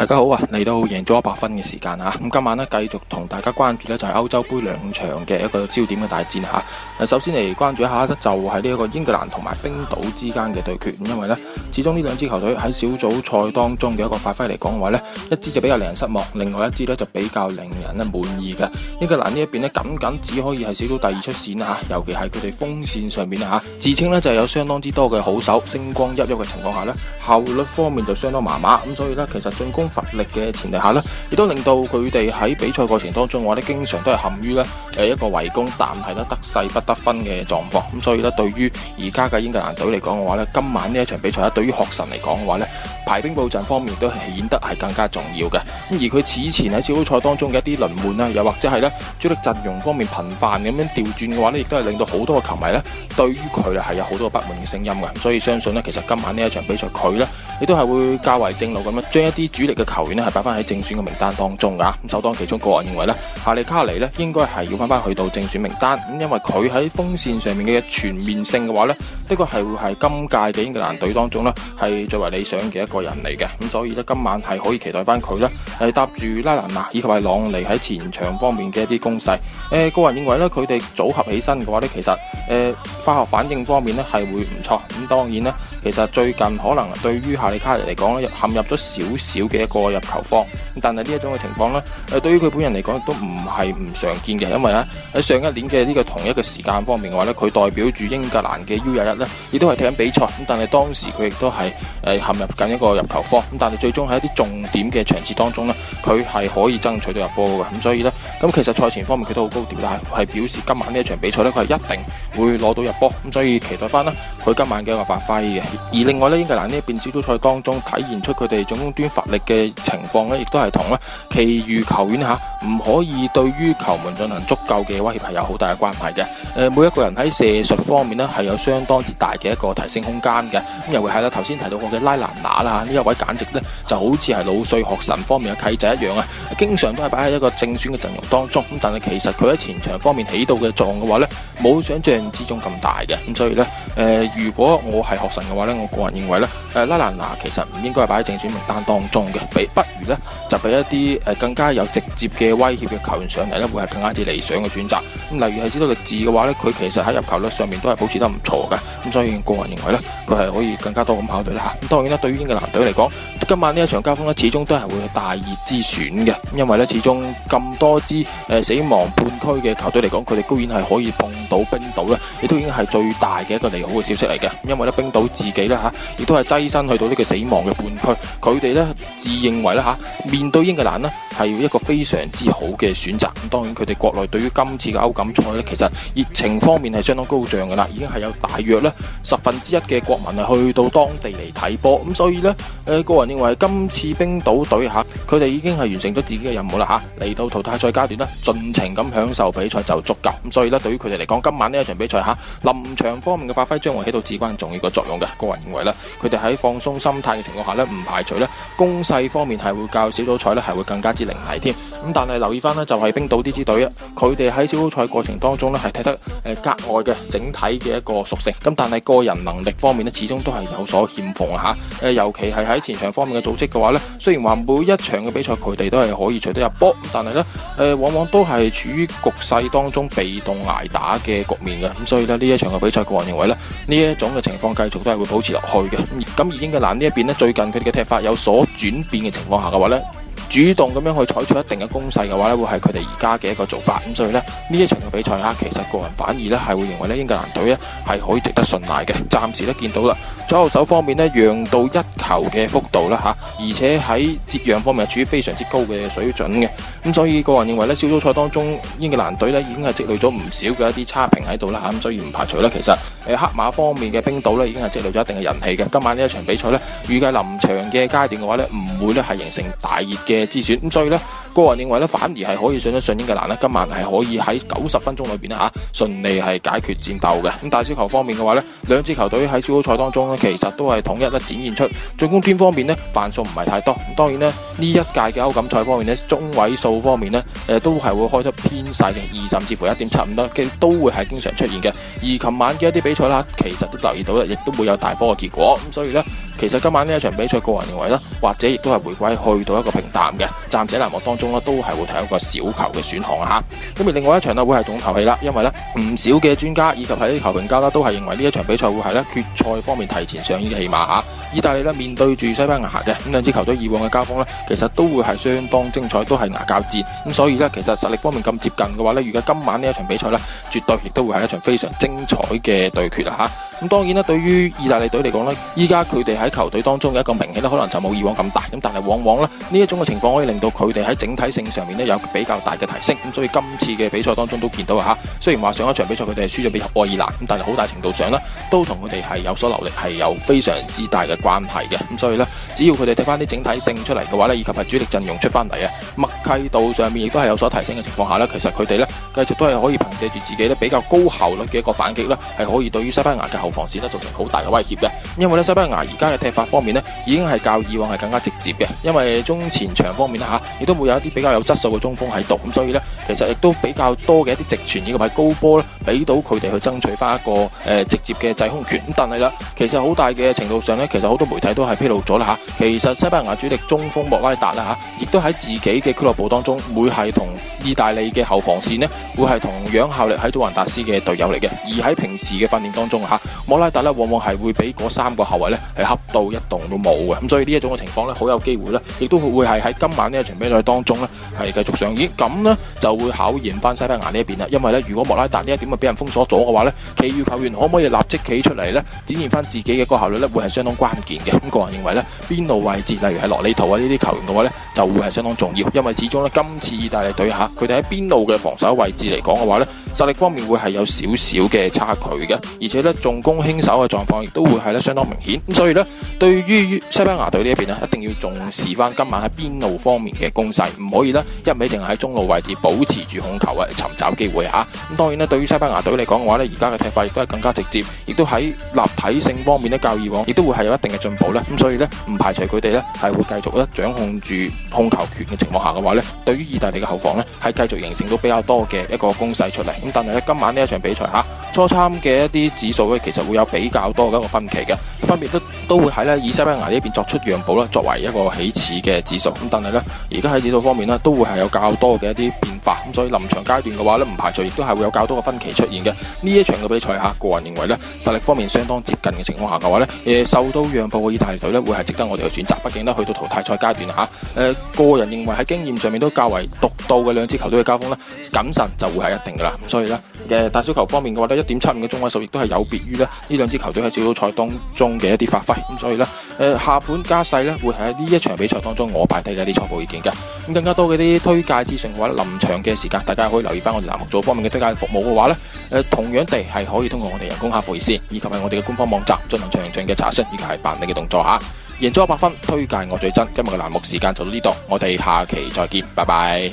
大家好啊，嚟到贏足 100FUN 嘅時間啊！咁今晚咧繼續同大家關注咧就係歐洲杯兩場嘅一個焦點嘅大戰吓。首先嚟關注一下咧就係呢一個英格蘭同埋冰島之間嘅對決，因為咧始終呢兩支球隊喺小組賽當中嘅一個發揮嚟講嘅話咧，一支就比較令人失望，另外一支咧就比較令人咧滿意嘅。英格蘭呢一邊咧僅僅只可以係小組第二出線啊！吓，尤其係佢哋鋒線上面啊，自稱咧就係有相當之多嘅好手，星光熠熠嘅情況下咧，效率方面就相當麻麻咁，所以咧其實進攻。乏力嘅前提下呢亦都令到佢哋喺比賽過程當中嘅話呢，經常都係陷於呢誒一個圍攻，但係呢得勢不得分嘅狀況。咁所以呢，對於而家嘅英格蘭隊嚟講嘅話呢，今晚呢一場比賽呢，對於學神嚟講嘅話呢，排兵布陣方面都係顯得係更加重要嘅。咁而佢此前喺小組賽當中嘅一啲輪換啊，又或者係呢主力陣容方面頻繁咁樣調轉嘅話呢，亦都係令到好多嘅球迷呢，對於佢係有好多不滿嘅聲音嘅。所以相信呢，其實今晚呢一場比賽佢呢。你都係會較為正路咁樣，將一啲主力嘅球員咧，係擺翻喺正選嘅名單當中㗎。咁首當其衝個人認為，呢夏利卡尼呢應該係要翻翻去到正選名單，咁因為佢喺鋒線上面嘅全面性嘅話呢，呢個係會係今屆嘅英格蘭隊當中呢係最為理想嘅一個人嚟嘅，咁所以呢，今晚係可以期待翻佢咧，係搭住拉蘭娜以及係朗尼喺前場方面嘅一啲攻勢。誒、呃、個人認為呢，佢哋組合起身嘅話呢，其實誒、呃、化學反應方面呢係會唔錯。咁、呃、當然啦，其實最近可能對於夏利卡尼嚟講咧，陷入咗少少嘅一個入球荒。但係呢一種嘅情況呢，誒對於佢本人嚟講都唔係唔常見嘅，因為咧喺上一年嘅呢個同一個時間方面嘅話呢，佢代表住英格蘭嘅 U 廿一。亦都係踢緊比賽，咁但係當時佢亦都係誒陷入緊一個入球荒。咁但係最終喺一啲重點嘅場次當中咧，佢係可以爭取到入波嘅，咁所以咧。咁其實賽前方面佢都好高調，但係表示今晚呢一場比賽呢，佢一定會攞到入波，咁所以期待翻啦佢今晚嘅一個發揮嘅。而另外呢，英格蘭呢一邊小組賽當中體現出佢哋總攻端乏力嘅情況呢，亦都係同啦，其餘球員下唔可以對於球門進行足夠嘅威脅係有好大嘅關係嘅。每一個人喺射術方面呢，係有相當之大嘅一個提升空間嘅。咁尤其係啦，頭先提到過嘅拉蘭拿啦，呢一位簡直呢就好似係老帥學神方面嘅契仔一樣啊，經常都係擺喺一個正選嘅陣容。當中咁，但係其實佢喺前場方面起到嘅作用嘅話呢，冇想象之中咁大嘅。咁所以呢，誒、呃，如果我係學神嘅話呢，我個人認為呢，誒、呃，拉蘭拿其實唔應該擺喺正選名單當中嘅，比不如呢，就俾一啲誒、呃、更加有直接嘅威脅嘅球員上嚟，呢會係更加之理想嘅選擇。咁例如係知道力志嘅話呢，佢其實喺入球率上面都係保持得唔錯嘅。咁所以個人認為呢，佢係可以更加多咁考慮啦吓。咁當然啦，對於英格蘭隊嚟講，今晚呢一場交鋒呢，始終都係會係大熱之選嘅，因為呢始終咁多支。誒，死亡半區嘅球隊嚟講，佢哋居然係可以碰到冰島咧，亦都已經係最大嘅一個利好嘅消息嚟嘅。因為咧，冰島自己咧吓，亦都係躋身去到呢個死亡嘅半區，佢哋咧自認為咧吓，面對英格蘭呢係一個非常之好嘅選擇。咁當然，佢哋國內對於今次嘅歐錦賽咧，其實熱情方面係相當高漲㗎啦，已經係有大約咧十分之一嘅國民係去到當地嚟睇波。咁所以咧，誒，個人認為今次冰島隊吓，佢哋已經係完成咗自己嘅任務啦吓，嚟到淘汰賽加。盡情咁享受比賽就足夠。咁所以呢，對於佢哋嚟講，今晚呢一場比賽嚇，臨場方面嘅發揮將會起到至關重要嘅作用嘅。個人認為呢，佢哋喺放鬆心態嘅情況下呢，唔排除呢，攻勢方面係會較小組賽呢係會更加之凌厲添。咁但係留意翻呢，就係、是、冰島呢支隊啊，佢哋喺小組賽過程當中呢係踢得誒格外嘅整體嘅一個屬性。咁但係個人能力方面呢，始終都係有所欠奉啊嚇。尤其係喺前場方面嘅組織嘅話呢，雖然話每一場嘅比賽佢哋都係可以除得入波，但係呢。誒、呃。往往都係處於局勢當中被動捱打嘅局面嘅，咁所以呢，呢一場嘅比賽，個人認為呢，呢一種嘅情況繼續都係會保持落去嘅。咁而英格蘭呢一邊呢，最近佢哋嘅踢法有所轉變嘅情況下嘅話呢，主動咁樣去採取一定嘅攻勢嘅話呢，會係佢哋而家嘅一個做法。咁所以呢，呢一場嘅比賽吓，其實個人反而呢係會認為呢，英格蘭隊呢係可以值得信賴嘅。暫時都見到啦。左手方面呢，讓到一球嘅幅度啦吓，而且喺接讓方面係處於非常之高嘅水準嘅，咁所以個人認為呢，小組賽當中英格蘭隊呢已經係積累咗唔少嘅一啲差評喺度啦吓，咁所以唔排除啦。其實黑馬方面嘅冰島呢已經係積累咗一定嘅人氣嘅，今晚呢一場比賽呢，預計臨場嘅階段嘅話呢，唔會呢係形成大熱嘅之選，咁所以呢，個人認為呢，反而係可以上得上英格蘭呢。今晚係可以喺九十分鐘裏面呢，嚇，順利係解決戰鬥嘅。咁大小球方面嘅話呢，兩支球隊喺小組賽當中其實都係統一咧，展現出進攻端方面呢，犯數唔係太多。當然咧，呢一屆嘅歐錦賽方面呢，中位數方面呢，誒都係會開出偏細嘅二，甚至乎一點七五啦。嘅都會係經常出現嘅。而琴晚嘅一啲比賽啦，其實都留意到啦，亦都會有大波嘅結果。咁所以呢，其實今晚呢一場比賽，個人認為呢，或者亦都係回歸去到一個平淡嘅暫時難望當中呢，都係會睇一個小球嘅選項啊吓。咁而另外一場啦，會係總球氣啦，因為呢唔少嘅專家以及喺啲球評家啦，都係認為呢一場比賽會係呢決賽方面提。前上呢啲戲碼吓，意大利咧，面對住西班牙嘅，咁兩支球隊以往嘅交鋒咧，其實都會係相當精彩，都係牙教戰咁。所以咧，其實實力方面咁接近嘅話咧，如果今晚呢一場比賽咧，絕對亦都會係一場非常精彩嘅對決啦嚇。咁當然啦，對於意大利隊嚟講呢，依家佢哋喺球隊當中嘅一個名氣呢，可能就冇以往咁大。咁但係往往呢，呢一種嘅情況可以令到佢哋喺整體性上面呢，有比較大嘅提升。咁所以今次嘅比賽當中都見到啊，雖然話上一場比賽佢哋係輸咗俾愛爾蘭，但係好大程度上呢，都同佢哋係有所留力係有非常之大嘅關係嘅。咁所以呢，只要佢哋睇翻啲整體性出嚟嘅話呢，以及係主力陣容出翻嚟啊，默契度上面亦都係有所提升嘅情況下呢，其實佢哋呢，繼續都係可以憑藉住自己呢比較高效率嘅一個反擊啦，係可以對於西班牙嘅後防線咧造成好大嘅威脅嘅，因為咧西班牙而家嘅踢法方面咧，已經係較以往係更加直接嘅，因為中前場方面咧吓，亦都會有一啲比較有質素嘅中鋒喺度，咁所以呢，其實亦都比較多嘅一啲直傳，以及埋高波咧，俾到佢哋去爭取翻一個誒、呃、直接嘅制空權。咁但係咧，其實好大嘅程度上呢，其實好多媒體都係披露咗啦吓，其實西班牙主力中鋒莫拉達啦吓，亦都喺自己嘅俱樂部當中，會係同意大利嘅後防線呢會係同樣效力喺祖雲達斯嘅隊友嚟嘅，而喺平時嘅訓練當中吓。莫拉塔咧往往係會俾嗰三個後衛咧係恰到一動都冇嘅，咁所以呢一種嘅情況咧好有機會咧，亦都會係喺今晚呢一場比賽當中咧係繼續上演，咁咧就會考驗翻西班牙呢一邊啦。因為咧如果莫拉塔呢一點啊俾人封鎖咗嘅話咧，其餘球員可唔可以立即企出嚟咧展現翻自己嘅個效率咧，會係相當關鍵嘅。咁個人認為咧，邊路位置例如係羅里圖啊呢啲球員嘅話咧，就會係相當重要，因為始終咧今次意大利隊吓佢哋喺邊路嘅防守位置嚟講嘅話咧，實力方面會係有少少嘅差距嘅，而且咧仲。攻輕手嘅狀況亦都會係咧相當明顯，咁所以呢對於西班牙隊呢一邊呢，一定要重視翻今晚喺邊路方面嘅攻勢，唔可以呢一味淨係喺中路位置保持住控球啊，尋找機會嚇。咁當然呢，對於西班牙隊嚟講嘅話呢，而家嘅踢法亦都係更加直接，亦都喺立體性方面咧較以往，亦都會係有一定嘅進步。咁所以呢唔排除佢哋呢係會繼續咧掌控住控球權嘅情況下嘅話呢，對於意大利嘅後防呢係繼續形成到比較多嘅一個攻勢出嚟。咁但係呢今晚呢一場比賽嚇。初參嘅一啲指數咧，其實會有比較多嘅一個分歧嘅，分別都都會喺咧以西班牙呢邊作出讓步啦，作為一個起始嘅指數。咁但係咧，而家喺指數方面呢，都會係有較多嘅一啲變化。咁所以臨場階段嘅話咧，唔排除亦都係會有較多嘅分歧出現嘅。呢一場嘅比賽嚇，個人認為咧，實力方面相當接近嘅情況下嘅話咧，誒、呃、受到讓步嘅意大利隊咧，會係值得我哋去選擇。畢竟呢，去到淘汰賽階段啊嚇，誒、呃、個人認為喺經驗上面都較為獨到嘅兩支球隊嘅交鋒咧，謹慎就會係一定嘅啦。咁所以咧，誒大小球方面嘅話咧。一點七五嘅中位數，亦都係有別於咧呢兩支球隊喺小組賽當中嘅一啲發揮，咁所以呢，誒下盤加細咧，會係呢一場比賽當中我排低嘅一啲初步意見嘅，咁更加多嘅啲推介資訊嘅話，臨場嘅時間，大家可以留意翻我哋欄目組方面嘅推介服務嘅話呢，誒同樣地係可以通過我哋人工客服熱線，以及係我哋嘅官方網站進行詳盡嘅查詢，以及係辦理嘅動作吓。贏足 100FUN，推介我最真。今日嘅欄目時間就到呢度，我哋下期再見，拜拜。